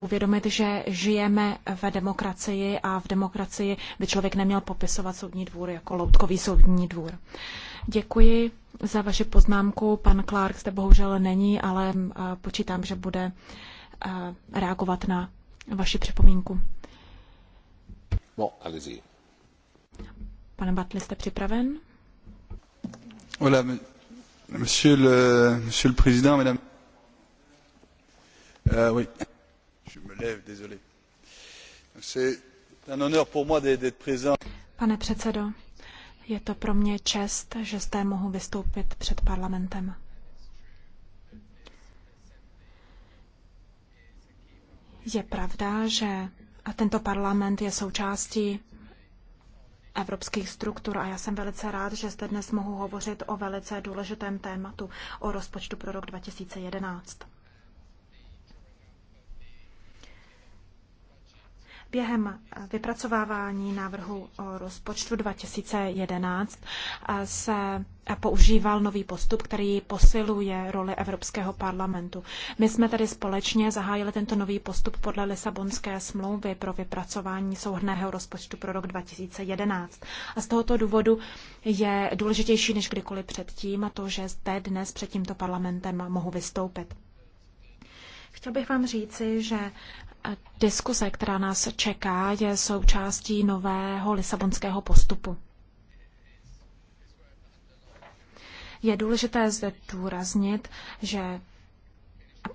uvědomit, že žijeme ve demokracii a v demokracii by člověk neměl popisovat soudní dvůr jako loutkový soudní dvůr. Děkuji za vaši poznámku. Pan Clark zde bohužel není, ale eh, počítám, že bude eh, reagovat na vaši připomínku. No, allez Pane Batli, jste připraven? Hola, monsieur le, monsieur le président, madame. Uh, oui. Pane předsedo, je to pro mě čest, že zde mohu vystoupit před parlamentem. Je pravda, že tento parlament je součástí evropských struktur a já jsem velice rád, že zde dnes mohu hovořit o velice důležitém tématu, o rozpočtu pro rok 2011. Během vypracovávání návrhu o rozpočtu 2011 se používal nový postup, který posiluje roli Evropského parlamentu. My jsme tedy společně zahájili tento nový postup podle Lisabonské smlouvy pro vypracování souhrného rozpočtu pro rok 2011. A z tohoto důvodu je důležitější než kdykoliv předtím a to, že zde dnes před tímto parlamentem mohu vystoupit. Chtěl bych vám říci, že Diskuse, která nás čeká, je součástí nového lisabonského postupu. Je důležité zde důraznit, že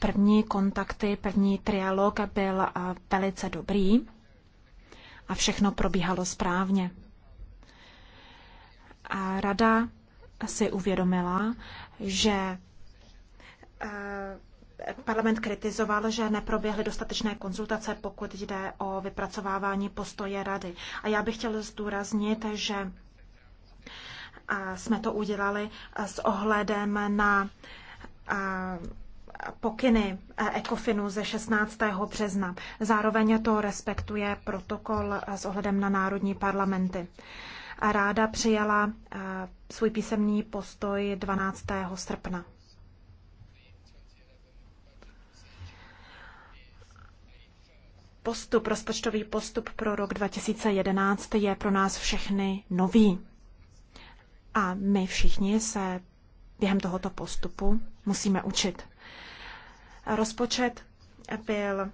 první kontakty, první trialog byl velice dobrý a všechno probíhalo správně. A rada si uvědomila, že Parlament kritizoval, že neproběhly dostatečné konzultace, pokud jde o vypracovávání postoje rady. A já bych chtěl zdůraznit, že jsme to udělali s ohledem na pokyny ECOFINu ze 16. března. Zároveň to respektuje protokol s ohledem na národní parlamenty. Ráda přijala svůj písemný postoj 12. srpna. postup, rozpočtový postup pro rok 2011 je pro nás všechny nový. A my všichni se během tohoto postupu musíme učit. Rozpočet byl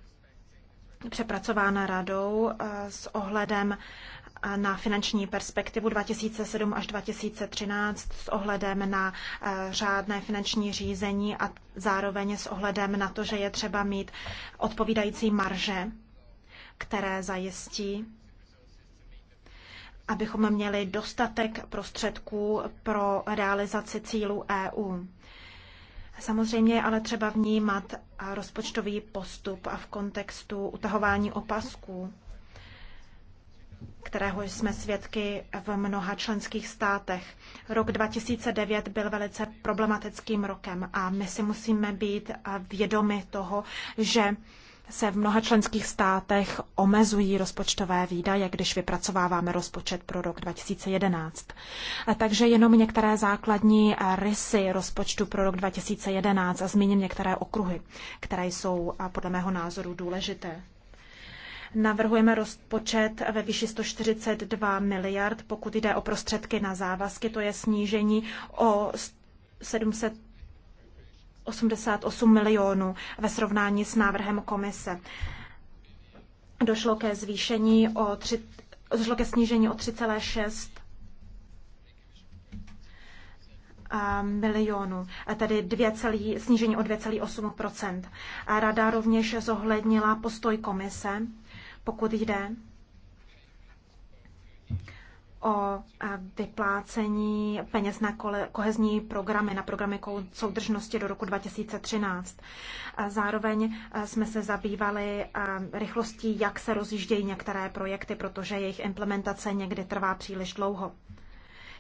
přepracován radou eh, eh, s ohledem na finanční perspektivu 2007 až 2013 s ohledem na řádné finanční řízení a zároveň s ohledem na to, že je třeba mít odpovídající marže které zajistí, abychom měli dostatek prostředků pro realizaci cílů EU. Samozřejmě je ale třeba vnímat rozpočtový postup a v kontextu utahování opasků, kterého jsme svědky v mnoha členských státech. Rok 2009 byl velice problematickým rokem a my si musíme být vědomi toho, že se v mnoha členských státech omezují rozpočtové výdaje, když vypracováváme rozpočet pro rok 2011. Takže jenom některé základní rysy rozpočtu pro rok 2011 a zmíním některé okruhy, které jsou podle mého názoru důležité. Navrhujeme rozpočet ve výši 142 miliard, pokud jde o prostředky na závazky, to je snížení o 700 88 milionů ve srovnání s návrhem komise. Došlo ke zvýšení o 3, došlo ke snížení o 3,6 eh, milionů, eh, tedy 2, snížení o 2,8 Rada rovněž zohlednila postoj komise, pokud jde o vyplácení peněz na kohezní programy, na programy soudržnosti do roku 2013. Zároveň jsme se zabývali rychlostí, jak se rozjíždějí některé projekty, protože jejich implementace někdy trvá příliš dlouho.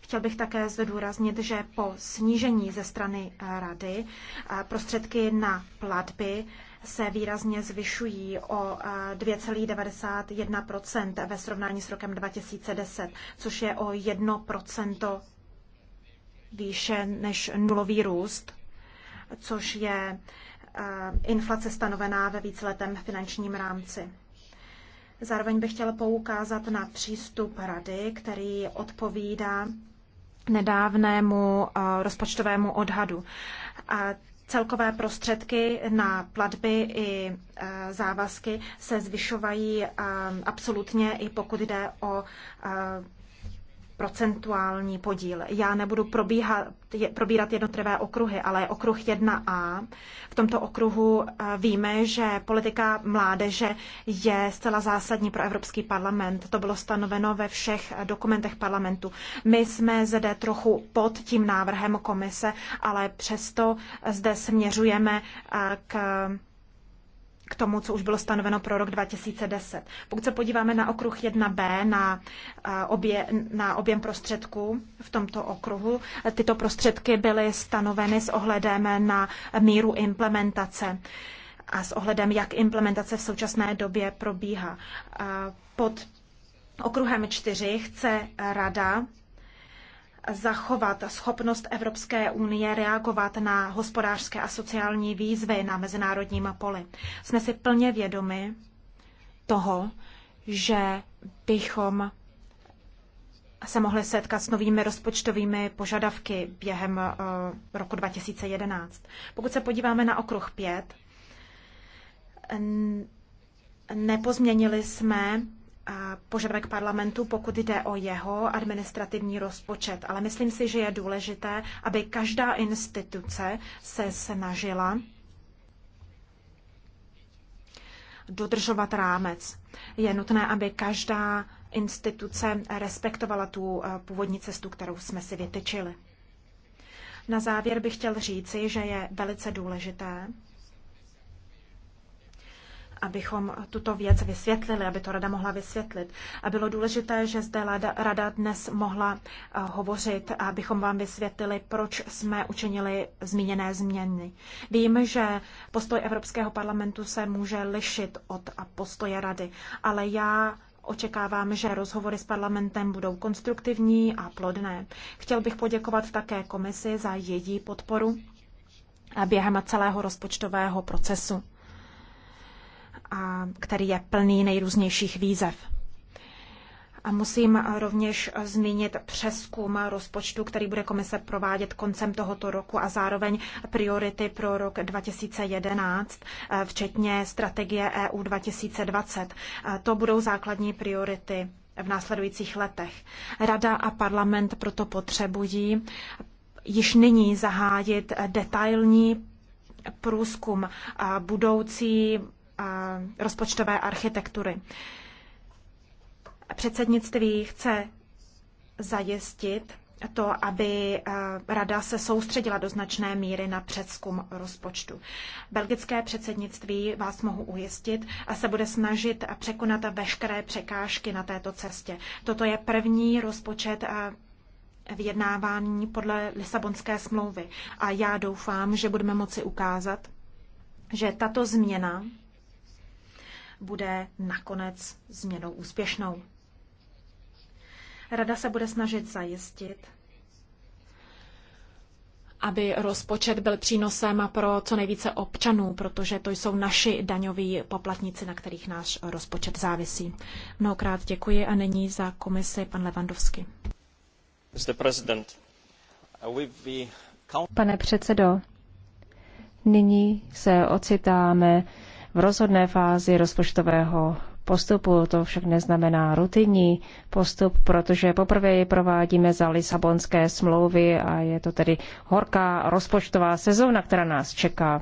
Chtěl bych také zdůraznit, že po snížení ze strany Rady prostředky na platby se výrazně zvyšují o 2,91 ve srovnání s rokem 2010, což je o 1 výše než nulový růst, což je inflace stanovená ve víceletém finančním rámci. Zároveň bych chtěla poukázat na přístup rady, který odpovídá nedávnému rozpočtovému odhadu. A Celkové prostředky na platby i e, závazky se zvyšovají e, absolutně, i pokud jde o e, procentuální podíl. Já nebudu probíhat, probírat jednotlivé okruhy, ale okruh 1a. V tomto okruhu eh, víme, že politika mládeže je zcela zásadní pro Evropský parlament. To bylo stanoveno ve všech dokumentech parlamentu. My jsme zde trochu pod tím návrhem komise, ale přesto zde směřujeme eh, k k tomu, co už bylo stanoveno pro rok 2010. Pokud se podíváme na okruh 1b, na, eh, obje, na objem prostředků v tomto okruhu, eh, tyto prostředky byly stanoveny s ohledem na míru implementace a s ohledem, jak implementace v současné době probíhá. Eh, pod okruhem 4 chce Rada zachovat schopnost Evropské unie reagovat na hospodářské a sociální výzvy na mezinárodním poli. Jsme si plně vědomi toho, že bychom se mohli setkat s novými rozpočtovými požadavky během eh, roku 2011. Pokud se podíváme na okruh 5, nepozměnili jsme požadavek parlamentu, pokud jde o jeho administrativní rozpočet. Ale myslím si, že je důležité, aby každá instituce se snažila dodržovat rámec. Je nutné, aby každá instituce respektovala tu eh, původní cestu, kterou jsme si vytyčili. Na závěr bych chtěl říci, že je velice důležité, abychom tuto věc vysvětlili, aby to rada mohla vysvětlit. A bylo důležité, že zde rada dnes mohla eh, hovořit, abychom vám vysvětlili, proč jsme učinili zmíněné změny. Vím, že postoj Evropského parlamentu se může lišit od postoje rady, ale já Očekávám, že rozhovory s parlamentem budou konstruktivní a plodné. Chtěl bych poděkovat také komisi za její podporu během celého rozpočtového procesu a který je plný nejrůznějších výzev. A musím rovněž zmínit přeskum rozpočtu, který bude komise provádět koncem tohoto roku a zároveň priority pro rok 2011, včetně strategie EU 2020. To budou základní priority v následujících letech. Rada a parlament proto potřebují již nyní zahájit detailní průzkum budoucí rozpočtové architektury. Předsednictví chce zajistit to, aby eh, rada se soustředila do značné míry na předzkum rozpočtu. Belgické předsednictví, vás mohu ujistit, se bude snažit překonat veškeré překážky na této cestě. Toto je první rozpočet eh, vyjednávání podle Lisabonské smlouvy a já doufám, že budeme moci ukázat, že tato změna bude nakonec změnou úspěšnou. Rada se bude snažit zajistit, aby rozpočet byl přínosem pro co nejvíce občanů, protože to jsou naši daňoví poplatníci, na kterých náš rozpočet závisí. Mnohokrát děkuji a nyní za komisi pan Levandovský. Uh, Pane předsedo, nyní se ocitáme v rozhodné fázi rozpočtového postupu. To však neznamená rutinní postup, protože poprvé ji provádíme za Lisabonské smlouvy a je to tedy horká rozpočtová sezóna, která nás čeká.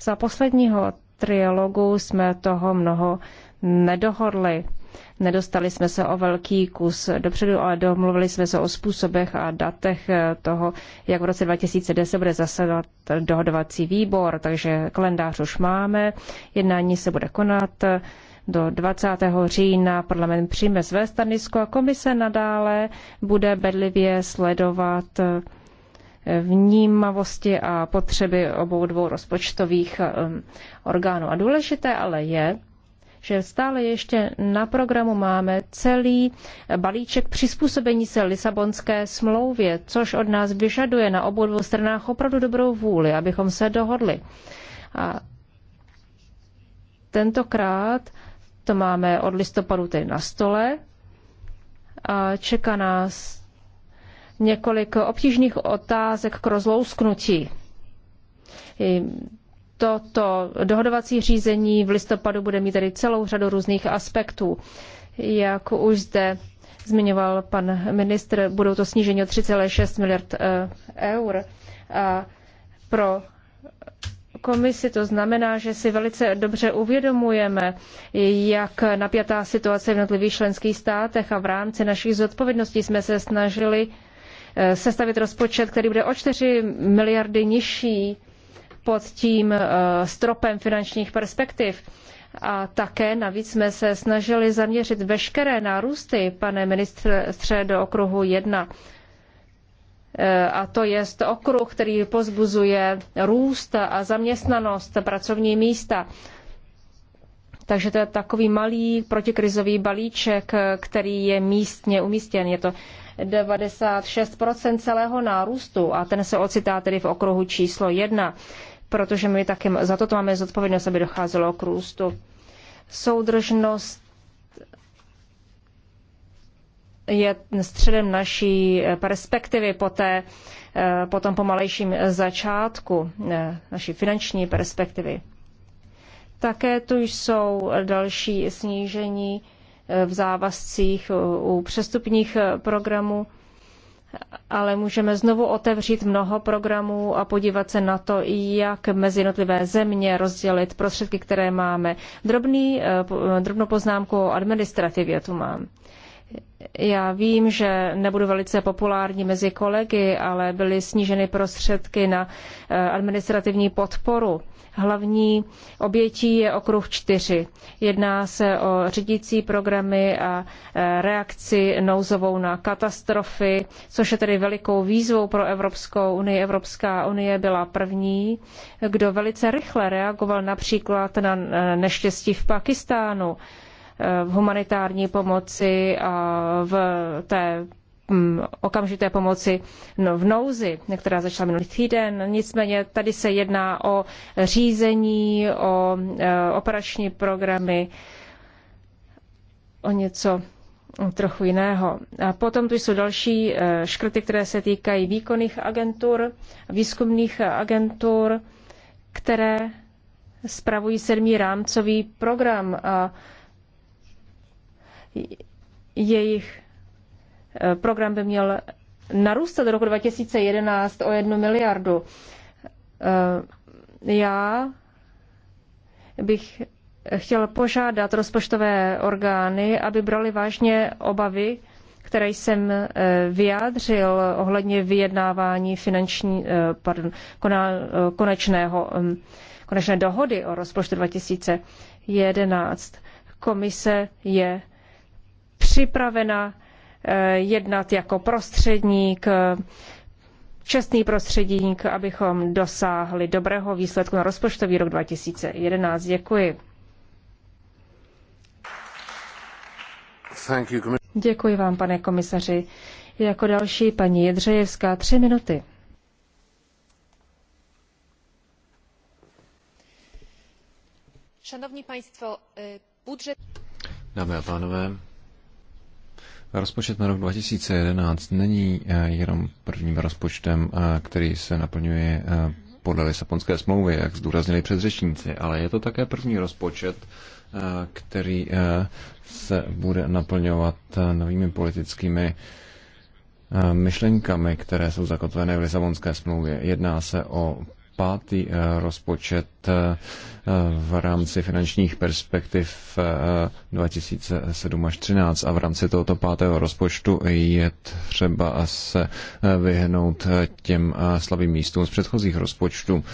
Za posledního trialogu jsme toho mnoho nedohodli. Nedostali jsme se o velký kus dopředu, ale domluvili jsme se o způsobech a datech eh, toho, jak v roce 2010 bude zasedat dohodovací výbor, takže kalendář už máme, jednání se bude konat. Eh, do 20. října parlament přijme své stanisko a komise nadále bude bedlivě sledovat eh, vnímavosti a potřeby obou dvou rozpočtových orgánů. A důležité ale je, že stále ještě na programu máme celý balíček přizpůsobení se Lisabonské smlouvě, což od nás vyžaduje na obou dvou stranách opravdu dobrou vůli, abychom se dohodli. A tentokrát to máme od listopadu tedy na stole a čeká nás několik obtížných otázek k rozlousknutí toto dohodovací řízení v listopadu bude mít tedy celou řadu různých aspektů. Jak už zde zmiňoval pan ministr, budou to snížení o 3,6 miliard eh, eur. A pro komisi to znamená, že si velice dobře uvědomujeme, jak napjatá situace v jednotlivých členských státech a v rámci našich zodpovědností jsme se snažili eh, sestavit rozpočet, který bude o 4 miliardy nižší pod tím eh, stropem finančních perspektiv. A také navíc jsme se snažili zaměřit veškeré nárůsty, pane ministře, do okruhu 1. Eh, a to je okruh, který pozbuzuje růst a zaměstnanost, pracovní místa. Takže to je takový malý protikrizový balíček, který je místně umístěn. Je to 96% celého nárůstu a ten se ocitá tedy v okruhu číslo 1 protože my také za toto máme zodpovědnost, aby docházelo k růstu. Soudržnost je středem naší perspektivy po, té, eh, po tom pomalejším začátku eh, naší finanční perspektivy. Také tu jsou další snížení eh, v závazcích u přestupních programů ale můžeme znovu otevřít mnoho programů a podívat se na to, jak mezi jednotlivé země rozdělit prostředky, které máme. Drobný, eh, drobnou poznámku o administrativě tu mám. Já vím, že nebudu velice populární mezi kolegy, ale byly sníženy prostředky na eh, administrativní podporu Hlavní obětí je okruh čtyři. Jedná se o řídící programy a e, reakci nouzovou na katastrofy, což je tedy velikou výzvou pro Evropskou unii. Evropská unie byla první, kdo velice rychle reagoval například na e, neštěstí v Pakistánu e, v humanitární pomoci a v té okamžité pomoci no, v nouzi, která začala minulý týden. Nicméně tady se jedná o řízení, o e, operační programy, o něco trochu jiného. A potom tu jsou další e, škrty, které se týkají výkonných agentur, výzkumných agentur, které spravují sedmý rámcový program a jejich Eh, program by měl narůstat do roku 2011 o jednu miliardu. Eh, já bych chtěl požádat rozpočtové orgány, aby brali vážně obavy, které jsem eh, vyjádřil ohledně vyjednávání finanční, pardon, konečného, mm, konečné dohody o rozpočtu 2011. Komise je připravena Eh, jednat jako prostředník, eh, čestný prostředník, abychom dosáhli dobrého výsledku na rozpočtový rok 2011. Děkuji. You, Děkuji vám, pane komisaři. Jako další paní Jedřejevská, tři minuty. Šanovní państwo, budžet... Dámy a pánové, Rozpočet na rok 2011 není eh, jenom prvním rozpočtem, eh, který se naplňuje eh, podle Lisabonské smlouvy, jak zdůraznili předřečníci, ale je to také první rozpočet, který se bude naplňovat novými politickými myšlenkami, které jsou zakotvené v Lisabonské smlouvě. Jedná se o pátý eh, rozpočet eh, v rámci finančních perspektiv 2007 eh, až 2013 a v rámci tohoto pátého rozpočtu je třeba se vyhnout těm slabým místům z předchozích rozpočtů.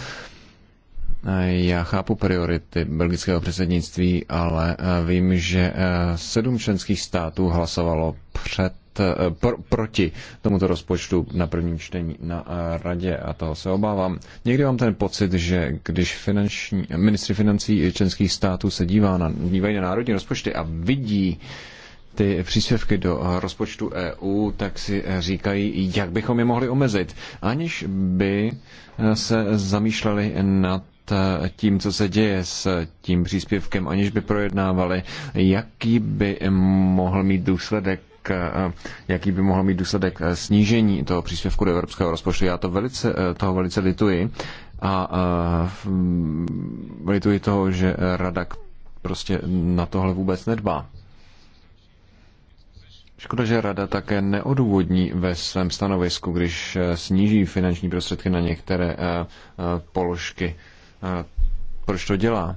Já chápu priority belgického předsednictví, ale eh, vím, že eh, sedm členských států hlasovalo před eh, pro, proti tomuto rozpočtu na prvním čtení na radě a toho se obávám. Někdy mám ten pocit, že když finanční, ministři financí členských států se dívá na, dívají na národní rozpočty a vidí ty příspěvky do rozpočtu EU, tak si říkají, jak bychom je mohli omezit, aniž by se zamýšleli nad Eh, tím, co se děje s tím příspěvkem, aniž by projednávali, jaký by mohl mít důsledek k, eh, jaký by mohl mít důsledek eh, snížení toho příspěvku do evropského rozpočtu. Já to velice, toho velice lituji a, a lituji toho, že Rada prostě na tohle vůbec nedbá. Škoda, že Rada také neodůvodní ve svém stanovisku, když sníží finanční prostředky na některé položky proč to dělá.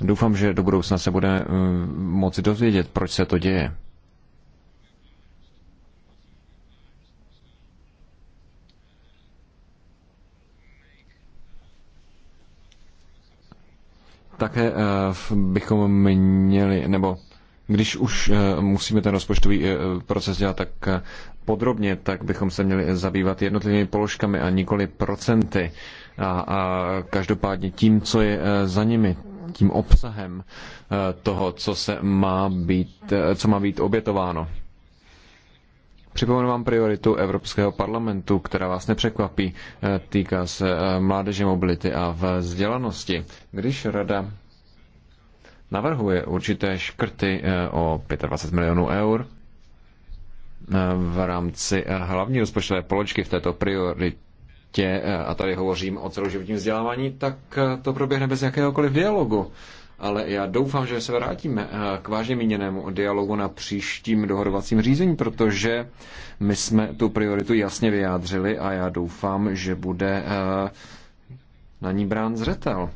Doufám, že do budoucna se bude eh, moci dozvědět, proč se to děje. Také eh, bychom měli, nebo když už eh, musíme ten rozpočtový proces dělat tak podrobně, tak bychom se měli zabývat jednotlivými položkami a nikoli procenty a, a každopádně tím, co je e, za nimi, tím obsahem e, toho, co se má být, e, co má být obětováno. Připomenu vám prioritu Evropského parlamentu, která vás nepřekvapí, týká se mládeže mobility a vzdělanosti. Když Rada navrhuje určité škrty o 25 milionů eur v rámci hlavní rozpočtové položky v této, priorit, dítě, eh, a tady hovořím o celoživotním vzdělávání, tak eh, to proběhne bez jakéhokoliv dialogu. Ale já doufám, že se vrátíme eh, k vážně míněnému dialogu na příštím dohodovacím řízení, protože my jsme tu prioritu jasně vyjádřili a já doufám, že bude na ní brán zřetel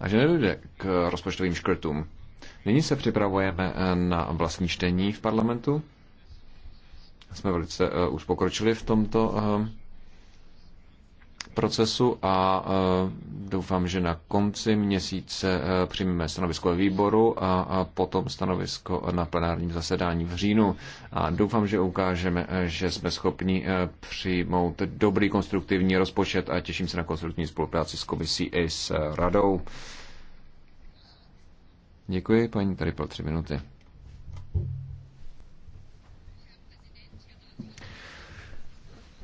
a že nedojde k rozpočtovým škrtům. Nyní se připravujeme na vlastní čtení v parlamentu. Jsme velice už pokročili v tomto procesu a e, doufám, že na konci měsíce e, přijmeme stanovisko výboru a potom stanovisko na plenárním zasedání v říjnu. A doufám, že ukážeme, e, že jsme schopni přijmout dobrý konstruktivní rozpočet a těším se na konstruktivní spolupráci s komisí i s radou. Děkuji, paní, tady pro tři minuty.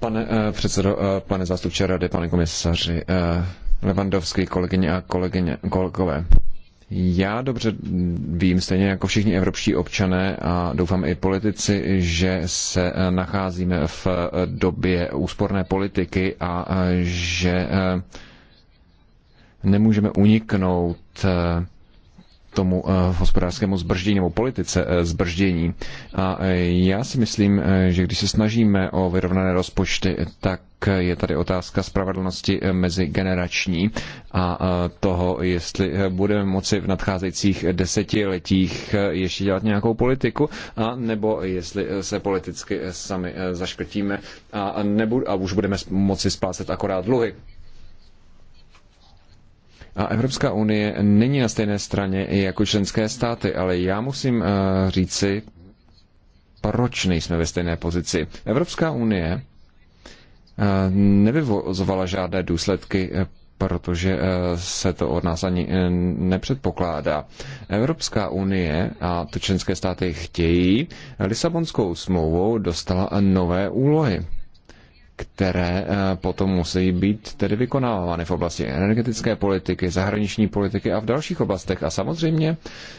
Pane eh, předsedo, eh, pane zástupče rady, pane komisaři eh, Levandovský, kolegyně a kolegyně, kolegové. Já dobře vím, stejně jako všichni evropští občané a doufám i politici, že se nacházíme v době úsporné politiky a že nemůžeme uniknout tomu eh, hospodářskému zbrždění nebo politice eh, zbrždění. A eh, já si myslím, že když se snažíme o vyrovnané rozpočty, tak je tady otázka spravedlnosti mezigenerační a toho, jestli budeme moci v nadcházejících desetiletích ještě dělat nějakou politiku, a nebo jestli se politicky sami zaškrtíme a, nebu- a už budeme moci splácet akorát dluhy. A Evropská unie není na stejné straně jako členské státy, ale já musím eh, říci, proč nejsme ve stejné pozici. Evropská unie eh, nevyvozovala žádné důsledky, eh, protože se to od nás ani nepředpokládá. Evropská unie a to členské státy chtějí Lisabonskou smlouvou dostala nové úlohy které eh, potom musí být tedy vykonávány v oblasti energetické politiky, zahraniční politiky a v dalších oblastech. A samozřejmě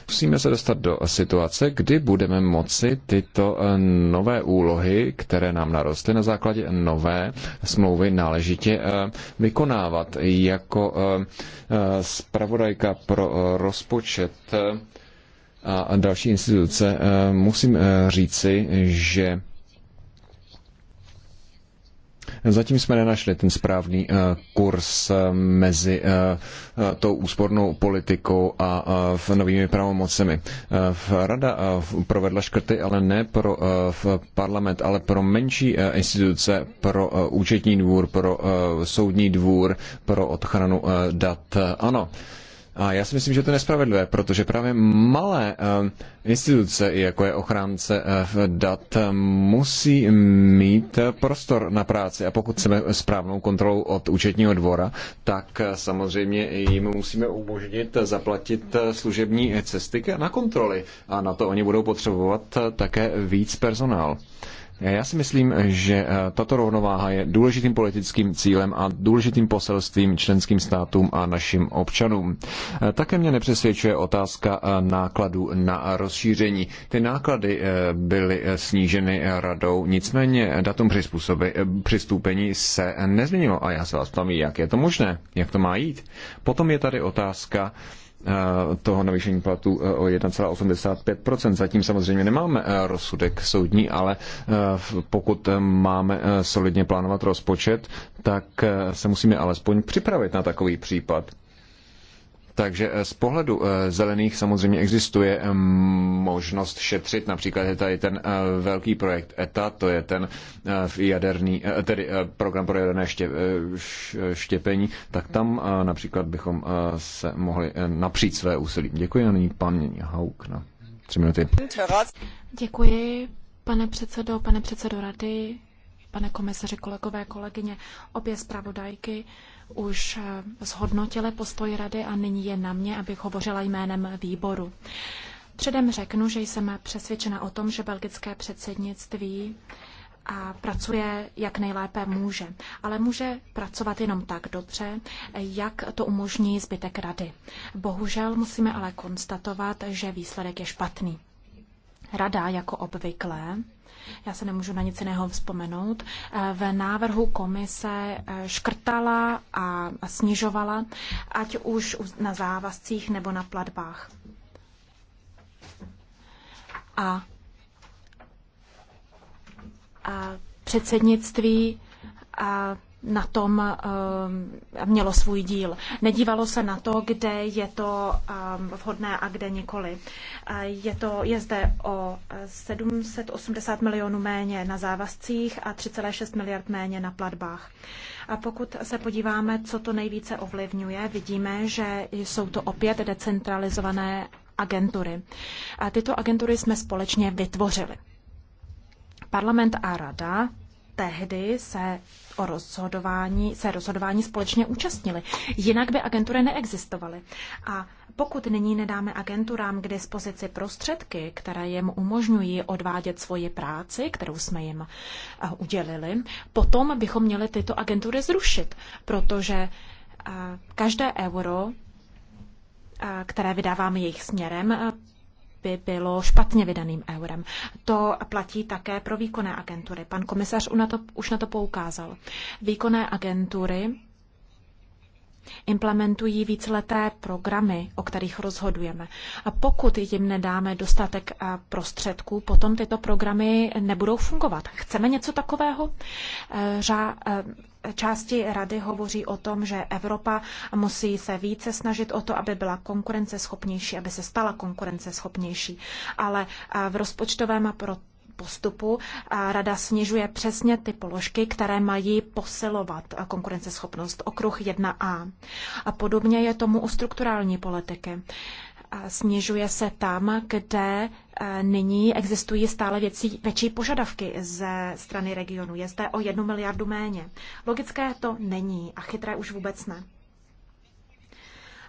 musíme se dostat do situace, kdy budeme moci tyto eh, nové úlohy, které nám narostly na základě nové smlouvy, náležitě eh, vykonávat jako zpravodajka pro rozpočet a další instituce, musím říci, že Zatím jsme nenašli ten správný eh, kurz eh, mezi eh, tou úspornou politikou a novými pravomocemi. Rada provedla škrty, ale ne pro parlament, ale pro menší instituce, pro účetní dvůr, pro soudní dvůr, pro ochranu dat. Ano, a já si myslím, že to je nespravedlivé, protože právě malé ehm, instituce, jako je ochránce ehm, dat, ehm, musí mít eh, prostor na práci. A pokud chceme správnou kontrolu od účetního dvora, tak eh, samozřejmě jim musíme umožnit zaplatit eh, služební cesty na kontroly. A na to oni budou potřebovat také víc personál. Já si myslím, že eh, tato rovnováha je důležitým politickým cílem a důležitým poselstvím členským státům a našim občanům. Eh, Také mě nepřesvědčuje otázka eh, nákladů na rozšíření. Ty náklady byly sníženy radou, nicméně datum přistoupení se nezměnilo a já se vás ptám, jak je to možné, jak to má jít. Potom je tady otázka toho navýšení platů e, o 1,85%. Zatím samozřejmě nemáme e, rozsudek soudní, ale e, pokud máme solidně plánovat rozpočet, tak se musíme alespoň připravit na takový případ. Takže eh, z pohledu eh, zelených samozřejmě existuje eh, možnost šetřit. Například je tady ten velký projekt ETA, to je ten jaderný, tedy program pro jaderné štěpení, tak tam například bychom se mohli napřít své úsilí. Děkuji a nyní pan Hauk na tři minuty. Děkuji, pane předsedo, pane předsedo rady, pane komisaři, kolegové, kolegyně. Obě zpravodajky už eh, zhodnotily postoj rady a nyní je na mě, abych hovořila jménem výboru. Předem řeknu, že jsem přesvědčena o tom, že belgické předsednictví a pracuje jak nejlépe může. Ale může pracovat jenom tak dobře, jak to umožní zbytek rady. Bohužel musíme ale konstatovat, že výsledek je špatný. Rada, jako obvykle, já se nemůžu na nic jiného vzpomenout. Eh, v návrhu komise eh, škrtala a snižovala, ať už na závazcích nebo na platbách. A, a předsednictví a na tom eh, mělo svůj díl. Nedívalo se na to, kde je to eh, vhodné a kde nikoli. Eh, je, to, je zde o 780 milionů méně na závazcích a 3,6 miliard méně na platbách. A pokud se podíváme, co to nejvíce ovlivňuje, vidíme, že jsou to opět decentralizované agentury. A tyto agentury jsme společně vytvořili. Parlament a rada tehdy se o rozhodování, se rozhodování společně účastnili. Jinak by agentury neexistovaly. A pokud nyní nedáme agenturám k dispozici prostředky, které jim umožňují odvádět svoji práci, kterou jsme jim eh, udělili, potom bychom měli tyto agentury zrušit, protože eh, každé euro eh, které vydáváme jejich směrem, by bylo špatně vydaným eurem. To platí také pro výkonné agentury. Pan komisař už na to poukázal. Výkonné agentury implementují víceleté programy, o kterých rozhodujeme. A pokud jim nedáme dostatek eh, prostředků, potom tyto programy nebudou fungovat. Chceme něco takového? Eh, řá, eh, části rady hovoří o tom, že Evropa musí se více snažit o to, aby byla konkurenceschopnější, aby se stala konkurenceschopnější. Ale v rozpočtovém pro postupu rada snižuje přesně ty položky, které mají posilovat konkurenceschopnost. Okruh 1a. A podobně je tomu u strukturální politiky snižuje se tam, kde e, nyní existují stále věcí, větší požadavky ze strany regionu. Je zde o jednu miliardu méně. Logické to není a chytré už vůbec ne.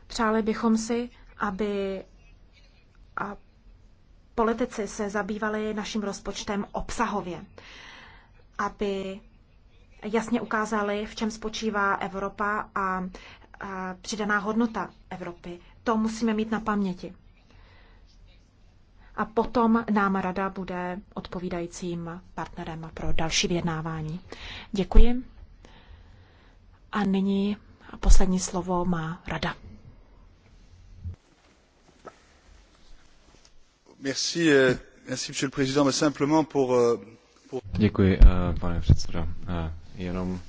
Přáli bychom si, aby a politici se zabývali naším rozpočtem obsahově, aby jasně ukázali, v čem spočívá Evropa a přidaná hodnota Evropy. To musíme mít na paměti. A potom nám rada bude odpovídajícím partnerem pro další vyjednávání. Děkuji. A nyní poslední slovo má rada. Merci, eh, merci, monsieur le président, mais simplement pour, eh, pour... Děkuji, eh, pane předsedo. Jenom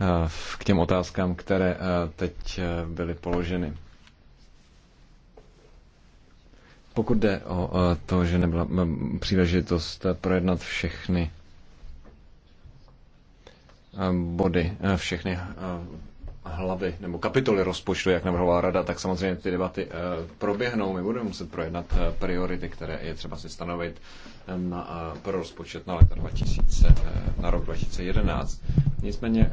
Eh, k těm otázkám, které eh, teď eh, byly položeny. Pokud jde o to, že nebyla příležitost projednat všechny body, všechny hlavy nebo kapitoly rozpočtu, jak navrhovala rada, tak samozřejmě ty debaty eh, proběhnou. My budeme muset projednat eh, priority, které je třeba si stanovit eh, na, pro rozpočet na, 2000, na rok 2011. Nicméně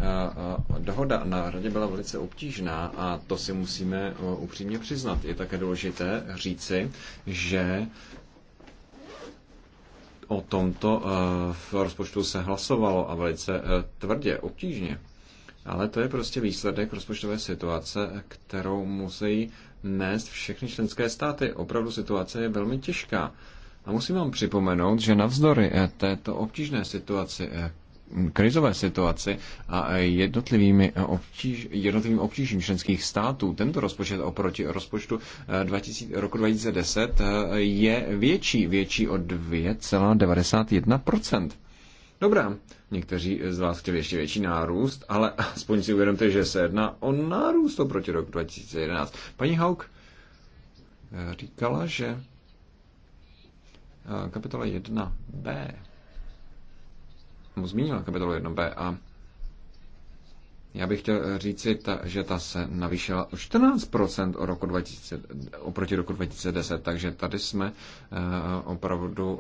dohoda na radě byla velice obtížná a to si musíme upřímně přiznat. Je také důležité říci, že o tomto v rozpočtu se hlasovalo a velice tvrdě, obtížně. Ale to je prostě výsledek rozpočtové situace, kterou musí nést všechny členské státy. Opravdu situace je velmi těžká. A musím vám připomenout, že navzdory eh, této obtížné situaci, eh, krizové situaci a eh, jednotlivými obtíž, jednotlivým obtížím členských států tento rozpočet oproti rozpočtu 2000, roku 2010 je větší, větší o 2,91%. Dobrá, někteří z vás chtěli ještě větší nárůst, ale aspoň si uvědomte, že se jedná o nárůst oproti roku 2011. Paní Hauk eh, říkala, že eh, kapitola 1b, mu zmínila kapitolu 1b a já bych chtěl eh, říci, že ta se navýšila o 14% o roku 2000, oproti roku 2010, takže tady jsme opravdu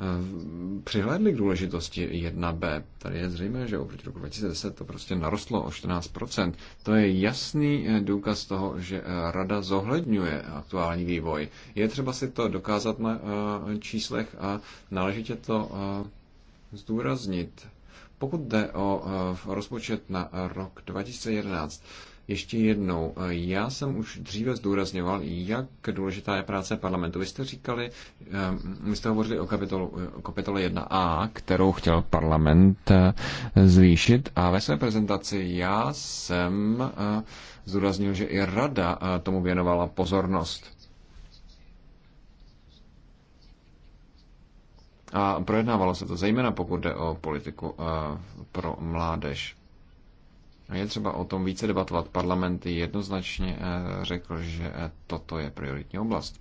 Eh, přihlédli k důležitosti 1B. Tady je zřejmé, že oproti roku 2010 to prostě narostlo o 14%. To je jasný eh, důkaz toho, že eh, rada zohledňuje aktuální vývoj. Je třeba si to dokázat na číslech a náležitě to zdůraznit. Pokud jde o rozpočet na rok 2011, ještě jednou, eh, já jsem už dříve zdůrazňoval, jak důležitá je práce parlamentu. Vy jste říkali, my eh, jste hovořili kapitolu, eh, o kapitole 1a, kterou chtěl parlament zvýšit a ve své prezentaci já jsem zdůraznil, že i rada tomu věnovala pozornost. A projednávalo se to zejména pokud jde o politiku pro mládež. A Je třeba o tom více debatovat. Parlament jednoznačně eh, řekl, že eh, toto je prioritní oblast.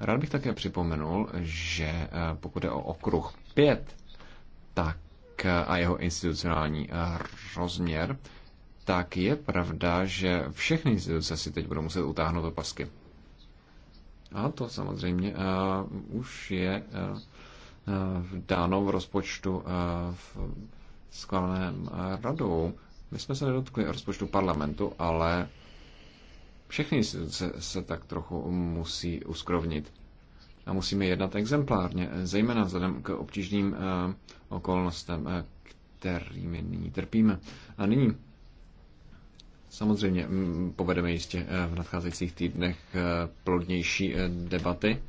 Rád bych také připomenul, že eh, pokud je o okruh 5, tak a jeho institucionální rozměr, tak je pravda, že všechny instituce si teď budou muset utáhnout opasky. A to samozřejmě uh, už je uh, uh, dáno v rozpočtu uh, v schváleném radou. My jsme se nedotkli rozpočtu parlamentu, ale všechny se, se tak trochu musí uskrovnit. A musíme jednat exemplárně, zejména vzhledem k obtížným eh, okolnostem, eh, kterými nyní trpíme. A nyní samozřejmě mm, povedeme jistě eh, v nadcházejících týdnech plodnější debaty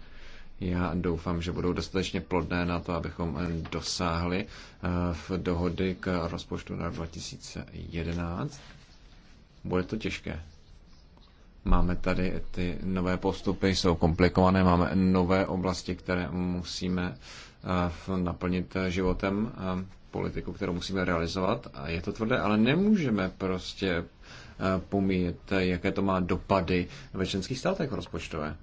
já doufám, že budou dostatečně plodné na to, abychom eh, dosáhli eh, v dohody k rozpočtu na 2011. Bude to těžké. Máme tady ty nové postupy, jsou komplikované, máme nové oblasti, které musíme eh, naplnit životem, politiku, kterou musíme realizovat. A je to tvrdé, ale nemůžeme prostě pomíjet, jaké to má dopady ve členských státech rozpočtové.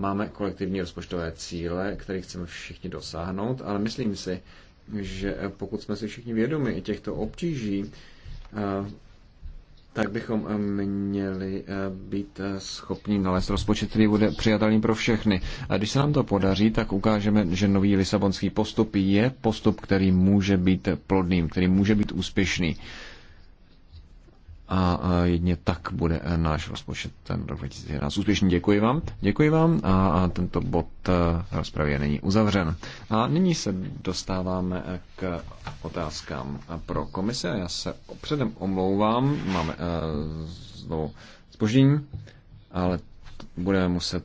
Máme kolektivní rozpočtové cíle, které chceme všichni dosáhnout, ale myslím si, že pokud jsme si všichni vědomi těchto obtíží, eh, tak bychom eh, měli eh, být schopni nalézt rozpočet, který bude přijatelný pro všechny. A když se nám to podaří, tak ukážeme, že nový lisabonský postup je postup, který může být plodným, který může být úspěšný a jedně tak bude eh, náš rozpočet ten rok 2011 Úspěšně Děkuji vám, děkuji vám a tento bod eh, rozpravy není uzavřen. A nyní se dostáváme eh, k otázkám pro komise. Já se předem omlouvám, máme znovu spoždění, ale budeme muset